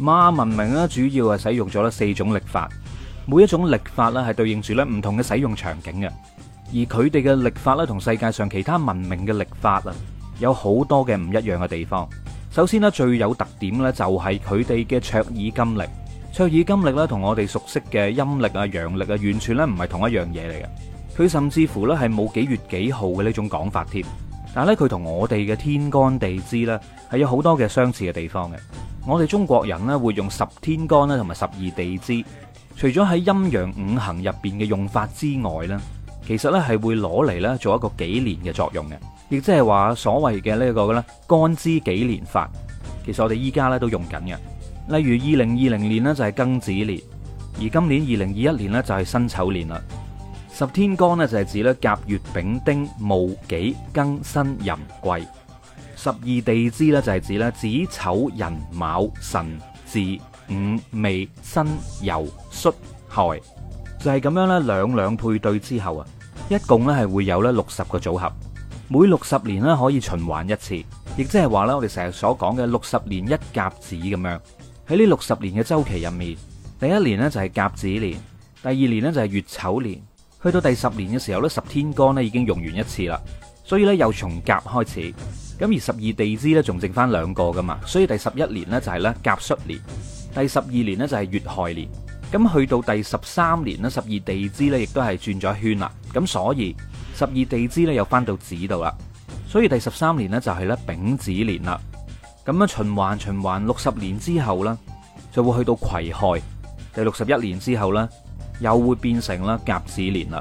馬文明咧主要係使用咗咧四種曆法，每一種曆法咧係對應住咧唔同嘅使用場景嘅，而佢哋嘅曆法咧同世界上其他文明嘅曆法啊，有好多嘅唔一樣嘅地方。首先咧最有特點咧就係佢哋嘅卓爾金曆，卓爾金曆咧同我哋熟悉嘅陰曆啊陽曆啊完全咧唔係同一樣嘢嚟嘅，佢甚至乎咧係冇幾月幾號嘅呢種講法添，但係咧佢同我哋嘅天干地支咧係有好多嘅相似嘅地方嘅。我哋中國人咧會用十天干咧，同埋十二地支，除咗喺陰陽五行入邊嘅用法之外呢，其實咧係會攞嚟咧做一個紀年嘅作用嘅，亦即係話所謂嘅呢一個咧干支紀年法，其實我哋依家咧都用緊嘅。例如二零二零年咧就係庚子年，而今年二零二一年咧就係辛丑年啦。十天干咧就係指咧甲乙丙丁戊己庚辛壬癸。十二地支咧就係指咧子丑、寅卯、辰、巳、午、未、申、酉、戌、亥，就係、是、咁樣咧。兩兩配對之後啊，一共咧係會有咧六十個組合。每六十年咧可以循環一次，亦即係話咧，我哋成日所講嘅六十年一甲子咁樣。喺呢六十年嘅週期入面，第一年呢就係甲子年，第二年呢就係乙丑年，去到第十年嘅時候呢，十天干咧已經用完一次啦，所以呢，又從甲開始。咁而十二地支咧，仲剩翻兩個噶嘛，所以第十一年呢，就係咧甲戌年，第十二年呢，就係乙亥年。咁去到第十三年呢，十二地支呢，亦都係轉咗圈啦。咁所以十二地支呢，又翻到子度啦。所以第十三年呢，就係咧丙子年啦。咁樣循環循環，循環六十年之後呢，就會去到癸亥。第六十一年之後呢，又會變成啦甲子年啦。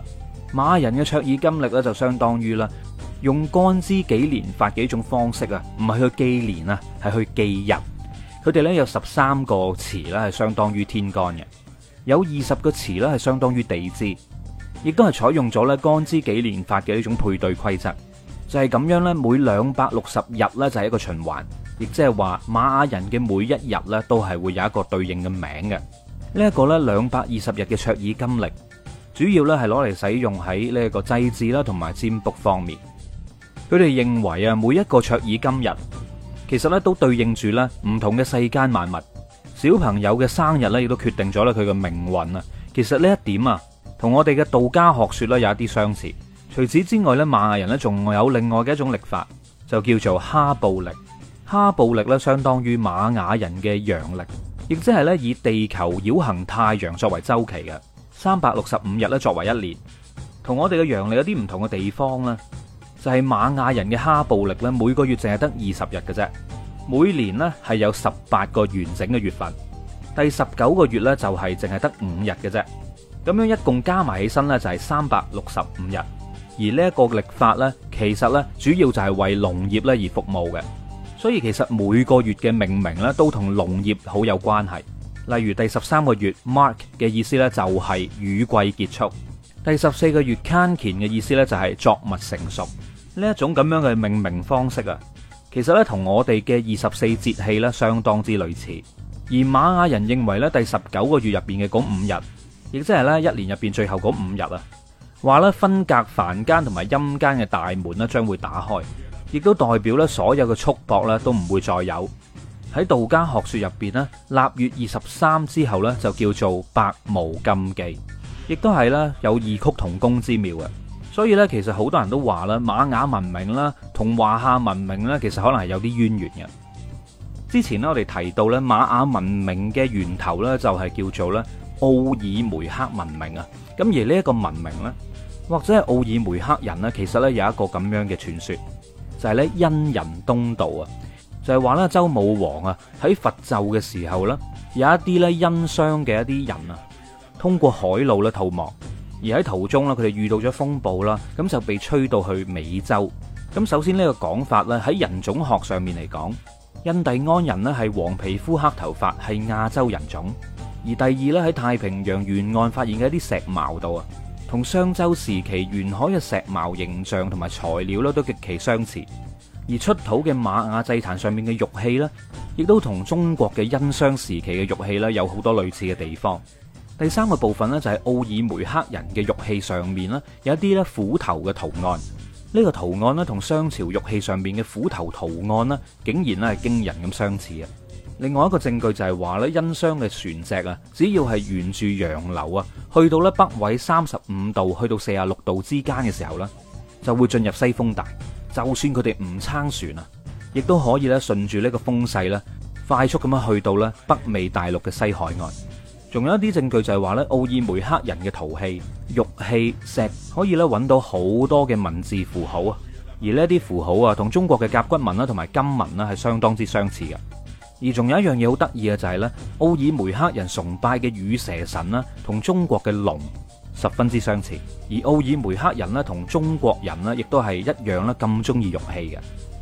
瑪雅人嘅卓爾金曆呢，就相當於啦。用干支紀年法嘅一種方式啊，唔係去紀年啊，係去紀日。佢哋呢有十三個詞呢係相當於天干嘅；有二十個詞呢係相當於地支，亦都係採用咗呢干支紀年法嘅呢種配對規則。就係、是、咁樣呢，每兩百六十日呢就係一個循環，亦即係話瑪雅人嘅每一日呢都係會有一個對應嘅名嘅。呢、這、一個呢，兩百二十日嘅卓爾金歷，主要呢係攞嚟使用喺呢一個祭祀啦同埋占卜方面。佢哋認為啊，每一個卓爾金日，其實咧都對應住咧唔同嘅世間萬物。小朋友嘅生日咧，亦都決定咗啦佢嘅命運啊。其實呢一點啊，同我哋嘅道家學說咧有一啲相似。除此之外咧，瑪雅人咧仲有另外嘅一種曆法，就叫做哈布曆。哈布曆咧相當於瑪雅人嘅陽曆，亦即係咧以地球繞行太陽作為週期嘅三百六十五日咧作為一年，同我哋嘅陽曆有啲唔同嘅地方啦。就係瑪雅人嘅哈布力咧，每個月淨係得二十日嘅啫。每年咧係有十八個完整嘅月份，第十九個月呢，就係淨係得五日嘅啫。咁樣一共加埋起身呢，就係三百六十五日。而呢一個曆法呢，其實呢主要就係為農業咧而服務嘅。所以其實每個月嘅命名呢，都同農業好有關係。例如第十三個月 Mark 嘅意思呢，就係雨季結束，第十四個月 Kankin 嘅意思呢，就係作物成熟。呢一種咁樣嘅命名方式啊，其實呢，同我哋嘅二十四節氣呢相當之類似。而瑪雅人認為呢，第十九個月入邊嘅嗰五日，亦即係呢一年入邊最後嗰五日啊，話呢分隔凡間同埋陰間嘅大門呢將會打開，亦都代表呢所有嘅束縛呢都唔會再有。喺道家學説入邊呢，臘月二十三之後呢，就叫做百無禁忌，亦都係呢有異曲同工之妙嘅。所以咧，其實好多人都話啦，瑪雅文明啦，同華夏文明呢，其實可能係有啲淵源嘅。之前呢，我哋提到咧，瑪雅文明嘅源頭呢，就係叫做咧奧爾梅克文明啊。咁而呢一個文明呢，或者係奧爾梅克人呢，其實呢有一個咁樣嘅傳說，就係咧殷人東渡啊，就係話呢，周武王啊喺伐紂嘅時候呢，有一啲咧殷商嘅一啲人啊，通過海路咧逃亡。而喺途中啦，佢哋遇到咗風暴啦，咁就被吹到去美洲。咁首先呢個講法咧，喺人種學上面嚟講，印第安人呢係黃皮膚、黑頭髮，係亞洲人種。而第二咧，喺太平洋沿岸發現嘅一啲石矛度啊，同商周時期沿海嘅石矛形象同埋材料咧都極其相似。而出土嘅瑪雅祭壇上面嘅玉器呢，亦都同中國嘅殷商時期嘅玉器呢有好多類似嘅地方。第三個部分呢，就係奧爾梅克人嘅玉器上面呢有一啲咧虎頭嘅圖案。呢、呢個圖案呢，同商朝玉器上面嘅虎頭圖案呢，竟然咧係驚人咁相似啊！另外一個證據就係話呢殷商嘅船隻啊，只要係沿住洋流啊，去到呢北緯三十五度去到四十六度之間嘅時候呢，就會進入西風帶。就算佢哋唔撐船啊，亦都可以咧順住呢個風勢咧，快速咁樣去到呢北美大陸嘅西海岸。仲有一啲證據就係話咧，奧爾梅克人嘅陶器、玉器、石可以揾到好多嘅文字符號啊，而呢啲符號啊，同中國嘅甲骨文啦、同埋金文啦係相當之相似嘅。而仲有一樣嘢好得意嘅就係咧，奧爾梅克人崇拜嘅羽蛇神啦，同中國嘅龍十分之相似。而奧爾梅克人咧同中國人咧，亦都係一樣咧咁中意玉器嘅。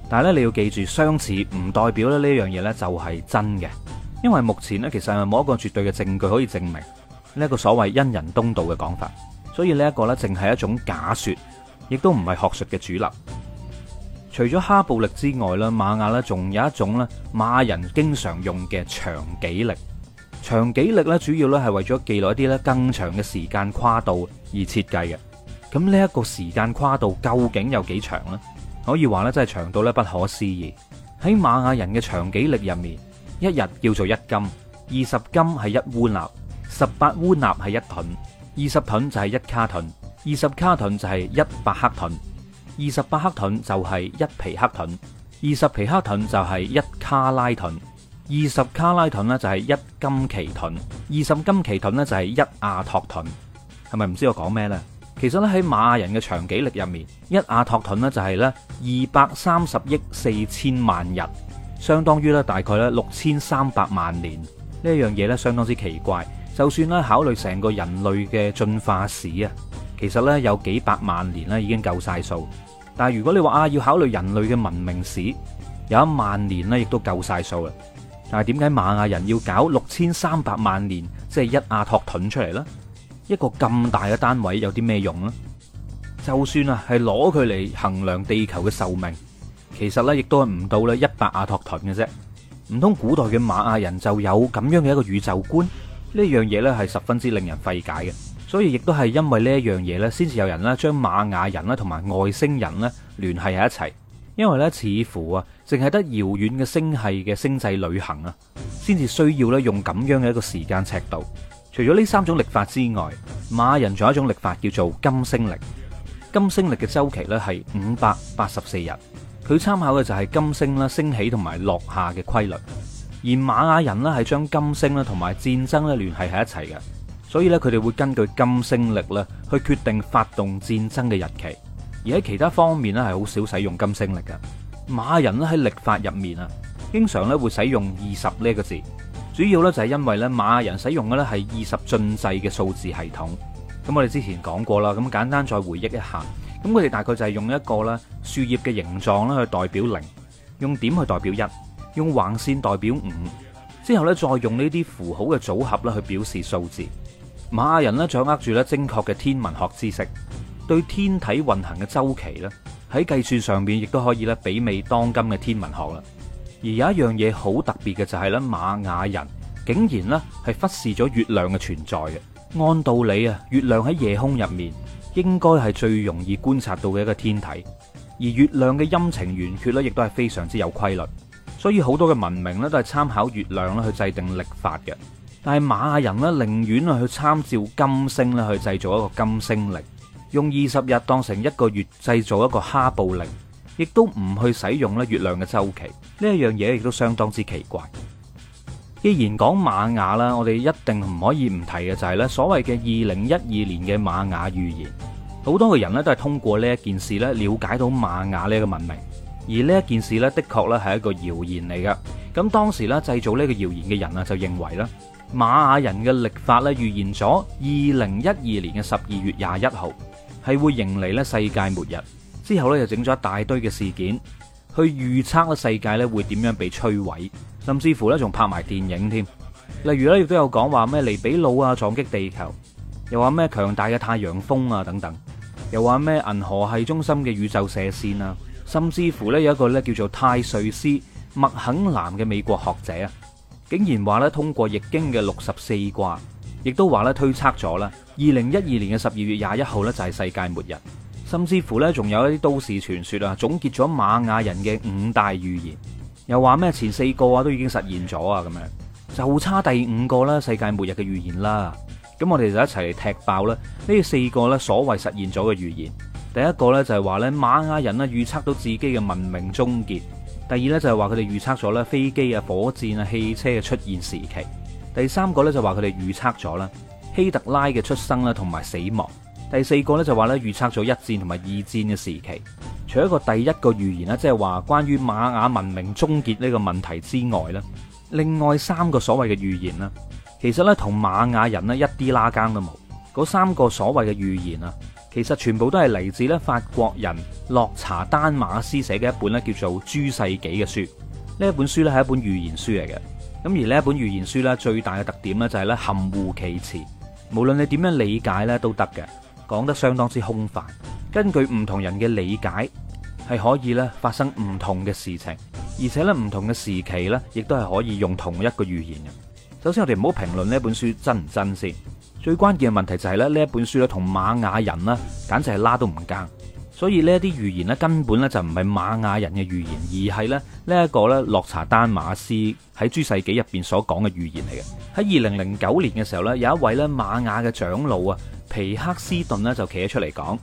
但係咧，你要記住，相似唔代表咧呢樣嘢咧就係真嘅。因為目前咧，其實係冇一個絕對嘅證據可以證明呢一個所謂殷人東渡嘅講法，所以呢一個咧，淨係一種假說，亦都唔係學術嘅主流。除咗哈布曆之外啦，瑪雅咧仲有一種咧瑪雅人經常用嘅長紀曆。長紀曆咧主要咧係為咗記錄一啲咧更長嘅時間跨度而設計嘅。咁呢一個時間跨度究竟有幾長咧？可以話咧真係長到咧不可思議。喺瑪雅人嘅長紀曆入面。一日叫做一金，二十金係一烏納，十八烏納係一盾。二十盾就係一卡盾。二十卡盾就係一百克盾。二十八克盾就係一皮克盾。二十皮克盾就係一卡拉盾。二十卡拉盾呢就係一金奇盾。二十金奇盾呢就係一亞托盾。係咪唔知我講咩呢？其實咧喺瑪雅人嘅長紀曆入面，一亞托盾呢就係呢二百三十億四千萬日。相當於咧大概咧六千三百萬年呢一樣嘢咧相當之奇怪，就算咧考慮成個人類嘅進化史啊，其實咧有幾百萬年咧已經夠晒數。但係如果你話啊要考慮人類嘅文明史，有一萬年咧亦都夠晒數啦。但係點解瑪雅人要搞六千三百萬年即係、就是、一阿托盾出嚟呢？一個咁大嘅單位有啲咩用咧？就算啊係攞佢嚟衡量地球嘅壽命。其實咧，亦都係唔到咧一百阿托盾嘅啫。唔通古代嘅瑪雅人就有咁樣嘅一個宇宙觀呢？呢樣嘢呢係十分之令人費解嘅。所以亦都係因為呢一樣嘢呢，先至有人呢將瑪雅人啦同埋外星人呢聯繫喺一齊。因為呢似乎啊，淨係得遙遠嘅星系嘅星際旅行啊，先至需要呢用咁樣嘅一個時間尺度。除咗呢三種曆法之外，瑪雅人仲有一種曆法叫做金星歷。金星歷嘅周期呢係五百八十四日。佢參考嘅就係金星啦，升起同埋落下嘅規律，而瑪雅人咧係將金星咧同埋戰爭咧聯繫喺一齊嘅，所以咧佢哋會根據金星力咧去決定發動戰爭嘅日期，而喺其他方面咧係好少使用金星力嘅。瑪雅人咧喺曆法入面啊，經常咧會使用二十呢個字，主要咧就係因為咧瑪雅人使用嘅咧係二十進制嘅數字系統。咁我哋之前講過啦，咁簡單再回憶一下。咁佢哋大概就係用一個咧樹葉嘅形狀咧去代表零，用點去代表一，用橫線代表五，之後咧再用呢啲符號嘅組合咧去表示數字。瑪雅人咧掌握住咧精確嘅天文學知識，對天體運行嘅週期咧喺計算上邊亦都可以咧媲美當今嘅天文學啦。而有一樣嘢好特別嘅就係咧，瑪雅人竟然咧係忽視咗月亮嘅存在嘅。按道理啊，月亮喺夜空入面，應該係最容易觀察到嘅一個天體，而月亮嘅陰晴圓缺咧，亦都係非常之有規律。所以好多嘅文明咧，都係參考月亮咧去制定曆法嘅。但係瑪雅人咧，寧願去參照金星咧去製造一個金星曆，用二十日當成一個月，製造一個哈布曆，亦都唔去使用咧月亮嘅周期。呢一樣嘢亦都相當之奇怪。既然講瑪雅啦，我哋一定唔可以唔提嘅就係呢所謂嘅二零一二年嘅瑪雅預言，好多嘅人呢都係通過呢一件事呢了解到瑪雅呢一個文明，而呢一件事呢，的確呢係一個謠言嚟噶。咁當時呢製造呢個謠言嘅人啊就認為呢瑪雅人嘅曆法呢預言咗二零一二年嘅十二月廿一號係會迎嚟呢世界末日，之後呢就整咗一大堆嘅事件去預測個世界呢會點樣被摧毀。甚至乎呢，仲拍埋電影添。例如呢，亦都有講話咩尼比魯啊撞擊地球，又話咩強大嘅太陽風啊等等，又話咩銀河系中心嘅宇宙射線啊。甚至乎呢，有一個呢叫做泰瑞斯麥肯南嘅美國學者啊，竟然話呢通過易經嘅六十四卦，亦都話呢推測咗啦，二零一二年嘅十二月廿一號呢，就係世界末日。甚至乎呢，仲有一啲都市傳說啊，總結咗瑪雅人嘅五大預言。又話咩，前四個啊都已經實現咗啊，咁樣就差第五個啦，世界末日嘅預言啦。咁我哋就一齊嚟踢爆啦，呢四個呢，所謂實現咗嘅預言。第一個呢，就係話呢瑪雅人呢預測到自己嘅文明終結。第二呢，就係話佢哋預測咗呢飛機啊、火箭啊、汽車嘅出現時期。第三個呢，就話佢哋預測咗啦希特拉嘅出生啦同埋死亡。第四個呢，就話呢預測咗一戰同埋二戰嘅時期。除咗個第一個預言呢，即係話關於瑪雅文明終結呢個問題之外呢，另外三個所謂嘅預言呢，其實呢同瑪雅人咧一啲拉更都冇。嗰三個所謂嘅預言啊，其實全部都係嚟自咧法國人洛查丹馬斯寫嘅一本咧叫做《諸世紀》嘅書。呢一本書呢係一本預言書嚟嘅。咁而呢一本預言書呢，最大嘅特點呢就係呢含糊其辭，無論你點樣理解呢都得嘅，講得相當之空泛。根據唔同人嘅理解。係可以咧，發生唔同嘅事情，而且咧，唔同嘅時期咧，亦都係可以用同一個預言嘅。首先我哋唔好評論呢本書真唔真先，最關鍵嘅問題就係咧，呢一本書咧同瑪雅人啦，簡直係拉都唔夾。所以呢啲預言咧根本咧就唔係瑪雅人嘅預言，而係咧呢一個咧洛查丹馬斯喺諸世紀入邊所講嘅預言嚟嘅。喺二零零九年嘅時候咧，有一位咧瑪雅嘅長老啊皮克斯頓咧就企咗出嚟講。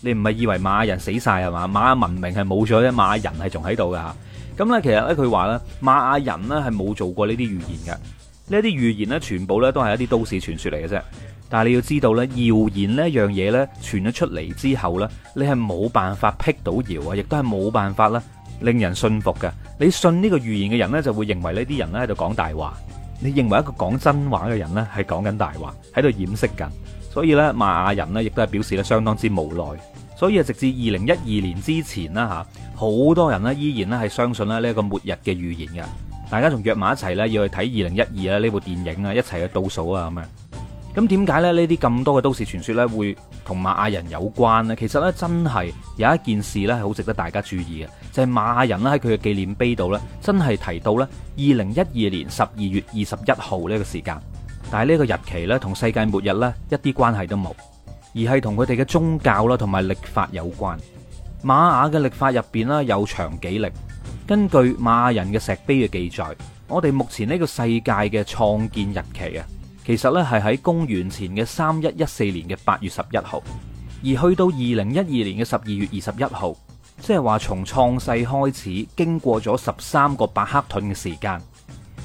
你唔係以為瑪雅人死晒係嘛？瑪雅文明係冇咗啫，瑪雅人係仲喺度噶吓。咁咧，其實咧佢話咧，瑪雅人咧係冇做過呢啲預言噶。呢啲預言咧，全部咧都係一啲都市傳說嚟嘅啫。但係你要知道咧，謠言呢樣嘢咧傳咗出嚟之後咧，你係冇辦法闢到謠啊，亦都係冇辦法咧，令人信服嘅。你信呢個預言嘅人咧，就會認為呢啲人咧喺度講大話。你認為一個講真話嘅人呢，係講緊大話，喺度掩飾緊，所以呢，馬雅人呢，亦都係表示得相當之無奈，所以啊直至二零一二年之前啦嚇，好多人呢，依然咧係相信咧呢個末日嘅預言嘅，大家仲約埋一齊呢，要去睇二零一二啊呢部電影啊，一齊去倒數啊咁啊！咁點解咧？呢啲咁多嘅都市傳說咧，會同瑪雅人有關咧？其實咧，真係有一件事咧，好值得大家注意嘅，就係瑪雅人咧喺佢嘅紀念碑度咧，真係提到呢二零一二年十二月二十一號呢個時間，但係呢個日期呢，同世界末日呢一啲關係都冇，而係同佢哋嘅宗教啦，同埋曆法有關。瑪雅嘅曆法入邊啦，有長紀曆。根據瑪雅人嘅石碑嘅記載，我哋目前呢個世界嘅創建日期啊。其實咧係喺公元前嘅三一一四年嘅八月十一號，而去到二零一二年嘅十二月二十一號，即係話從創世開始經過咗十三個巴克頓嘅時間，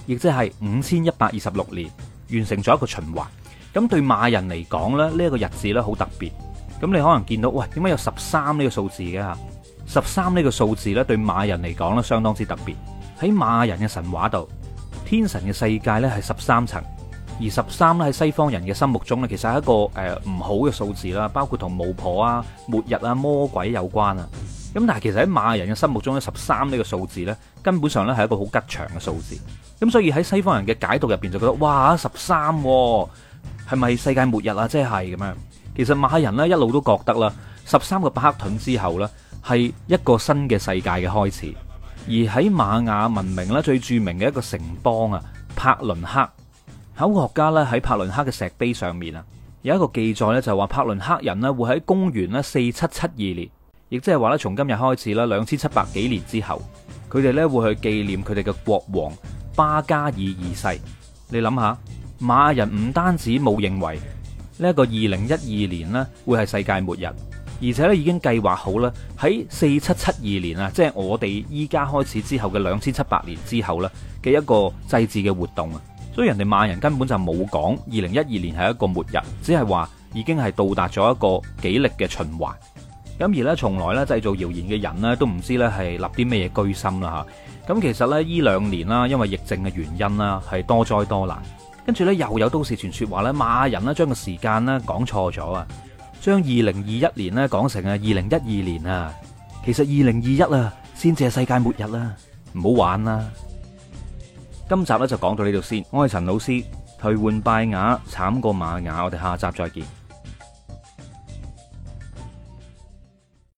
亦即係五千一百二十六年，完成咗一個循環。咁對瑪人嚟講咧，呢一個日子咧好特別。咁你可能見到，喂，點解有十三呢個數字嘅吓？十三呢個數字咧，對瑪人嚟講咧相當之特別。喺瑪人嘅神話度，天神嘅世界咧係十三層。而十三咧喺西方人嘅心目中呢，其實係一個誒唔好嘅數字啦，包括同巫婆啊、末日啊、魔鬼有關啊。咁但係其實喺瑪雅人嘅心目中呢，十三呢個數字呢，根本上呢係一個好吉祥嘅數字。咁所以喺西方人嘅解讀入邊就覺得哇，十三喎，係咪世界末日啊？即係咁樣。其實瑪雅人呢一路都覺得啦，十三個白克盾之後呢，係一個新嘅世界嘅開始。而喺瑪雅文明呢，最著名嘅一個城邦啊，帕倫克。考古學家咧喺帕倫克嘅石碑上面啊，有一個記載咧就話帕倫克人咧會喺公元咧四七七二年，亦即係話咧從今日開始啦，兩千七百幾年之後，佢哋咧會去紀念佢哋嘅國王巴加爾二世。你諗下，瑪人唔單止冇認為呢一個二零一二年咧會係世界末日，而且咧已經計劃好啦，喺四七七二年啊，即係我哋依家開始之後嘅兩千七百年之後啦嘅一個祭祀嘅活動啊！所以人哋瑪雅人根本就冇講，二零一二年係一個末日，只係話已經係到達咗一個紀曆嘅循環。咁而呢，從來呢製造謠言嘅人呢，都唔知呢係立啲咩嘢居心啦吓。咁其實呢，呢兩年啦，因為疫症嘅原因啦，係多災多難。跟住呢，又有都市傳說話呢：「瑪雅人呢，將個時間呢講錯咗啊。」將二零二一年呢講成啊二零一二年啊，其實二零二一啊先至係世界末日啦，唔好玩啦。今集咧就講到呢度先，我係陳老師，退換拜瓦，慘過瑪雅，我哋下集再見。